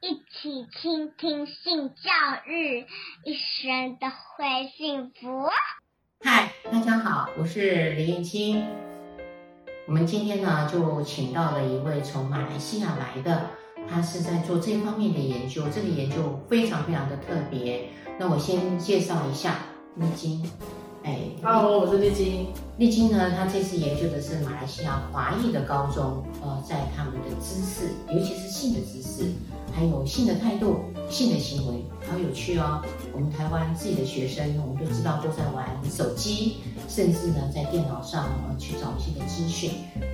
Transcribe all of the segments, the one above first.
一起傾聽性教育，一生都會幸福。嗨，大家好，我是林燕青。我們今天呢，就請到了一位從馬來西亞來的，他是在做這方面的研究，這個研究非常非常的特別。那我先介紹一下，燕青。哎，Hello，我是麗菁。麗菁呢，她這次研究的是馬來西亞華裔的高中，呃，在他們的知識，尤其是性的知識，還有性的態度、性的行為，好有，有趣哦。我們台灣自己的學生，我們都知道都在玩手機，甚至呢在電腦上呃去找一些的資訊。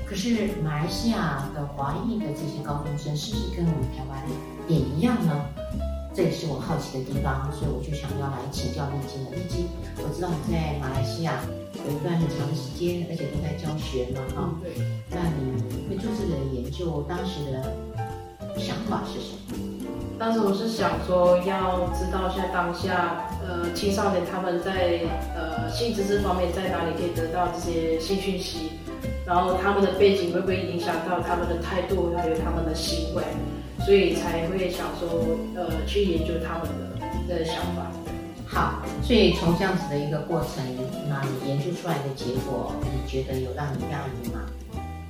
可是馬來西亞的華裔的這些高中生，是不是跟我們台灣也一樣呢？這也是我好奇的地方，所以我就想要。請教麗菁了，麗菁，我知道你在馬來西亞有一段很長的時間，而且都在教學嘛，哈、嗯。對。那你會做這個研究，當時的想法是什麼？當時我是想說，要知道一下當下，呃，青少年他們在呃性知識方面在哪裡可以得到這些性訊息，然後他們的背景會不會影響到他們的態度還有他們的行為，所以才會想說，呃，去研究他們的的想法。好，所以從這樣子的一個過程，那你研究出來的結果，你覺得有讓你訝異嗎？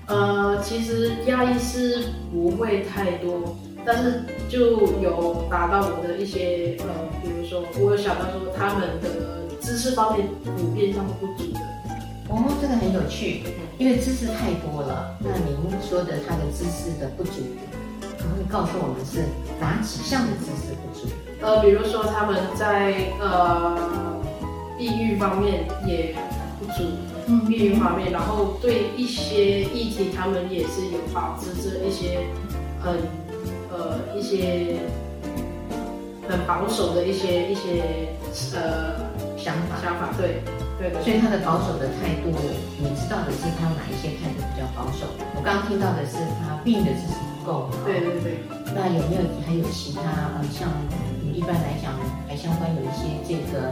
呃，其實訝異是不會太多，但是就有達到我的一些呃，比如說我有想到說他們的知識方面普遍上不足的。哦，這個很有趣，因為知識太多了。嗯，那您說的他的知識的不足可能會告訴我們是哪幾項的知識不足？呃，比如說他們在呃，地域方面也不足，嗯、地域方面，然後對一些議題他們也是有保持着一些很呃，呃一些很保守的一些一些呃想法想法，對，對對，對，所以他的保守的態度，你知道的是他哪一些態度比較保守？我剛剛聽到的是他病的是不夠。對對對。那有沒有還有其他呃像？一般來講，還相關有一些這個，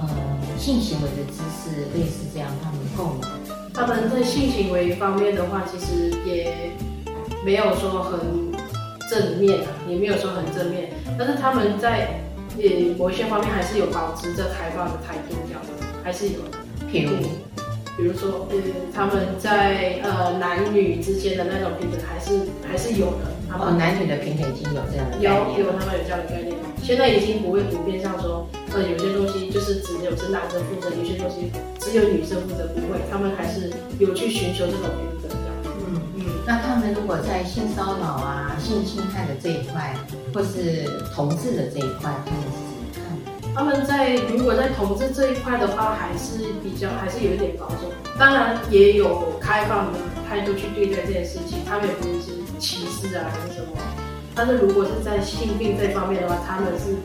呃、嗯，性行為的知識，類似這樣，他們共同，他們在性行為方面的話，其實也沒有說很正面啊，也沒有說很正面。但是他們在呃某些方面還是有保持着開放的態度的，還是有的。比如，比如說，呃、嗯，他們在呃男女之間的那種平等，還是還是有的。他們哦，男女的平等已經有這樣的有，有他們有這樣的概念。現在已經不會普遍像說，呃，有些東西就是只有男生負責，有些東西只有女生負責，不會，他們還是有去尋求這種平等的。嗯嗯。嗯，那他們如果在性騷擾啊、嗯、性侵害的這一塊，或是同志的這一塊，他們是怎麼看的？他們在如果在同志這一塊的話，還是比較還是有一點保守，當然也有開放的態度去對待這件事情，他們也不是。歧視啊，還是什麼，啊？但是如果是在性病這方面的話，他們是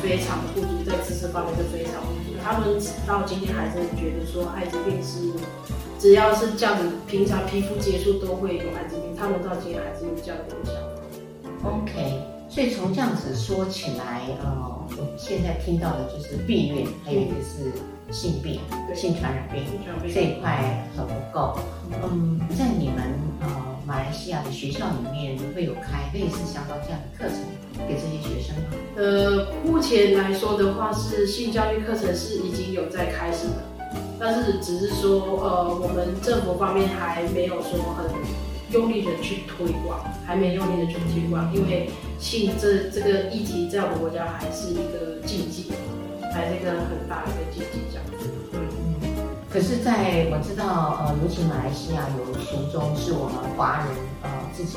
非常不足，在知識方面是非常不足。他們直到今天還是覺得說艾滋病是只要是這樣子，平常皮膚接觸都會有艾滋病。他們到今天還是有這樣的想法。OK，所以從這樣子說起來呃，我們現在聽到的就是避孕，Okay. 還有一個是性病，對性傳染病，染病這一塊很不夠。嗯，在、嗯、你們啊。呃馬來西亞的學校裡面會有開類似香港這樣的課程給這些學生嗎？呃，目前來說的話，是性教育課程是已經有在開始的，但是只是說，呃，我們政府方面還沒有說很用力的去推廣，還沒用力的去推廣，因為性這這個議題在我們國家還是一個禁忌，還是一個很大的一個禁忌。可是，在我知道，呃，尤其馬來西亞有獨中是我們華人，呃，自己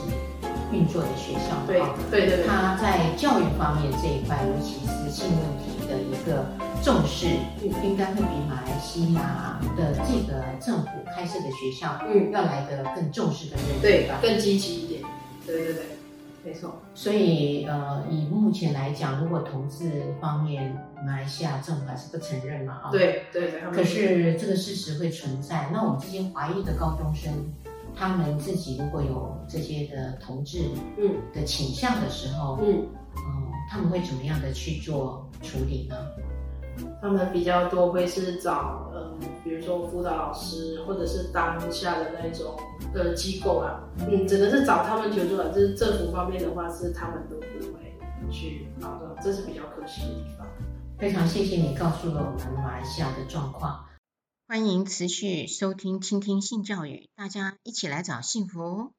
運作的學校的話。對對對。他在教育方面這一塊，尤其是性問題的一個重視，嗯，應該會比馬來西亞的這個政府開設的學校，嗯，要來的更重視一點，對吧？更積極一點。對對對。沒錯，所以呃，以目前來講，如果同志方面，馬來西亞政府還是不承認嘛，啊、哦，對對對。可是這個事實會存在。嗯、那我們這些華裔的高中生，他們自己如果有這些的同志嗯的傾向的時候，嗯，哦、呃，他們會怎麼樣的去做處理呢？他們比較多會是找嗯，比如說輔導老師，或者是當下的那一種的呃、機構啊，嗯，只能是找他們求助了。就是政府方面的話，是他們都不會去幫助，這是比較可惜的地方。非常謝謝你告訴了我們馬來西亞的狀況。歡迎持續收聽《傾聽性教育》，大家一起來找幸福。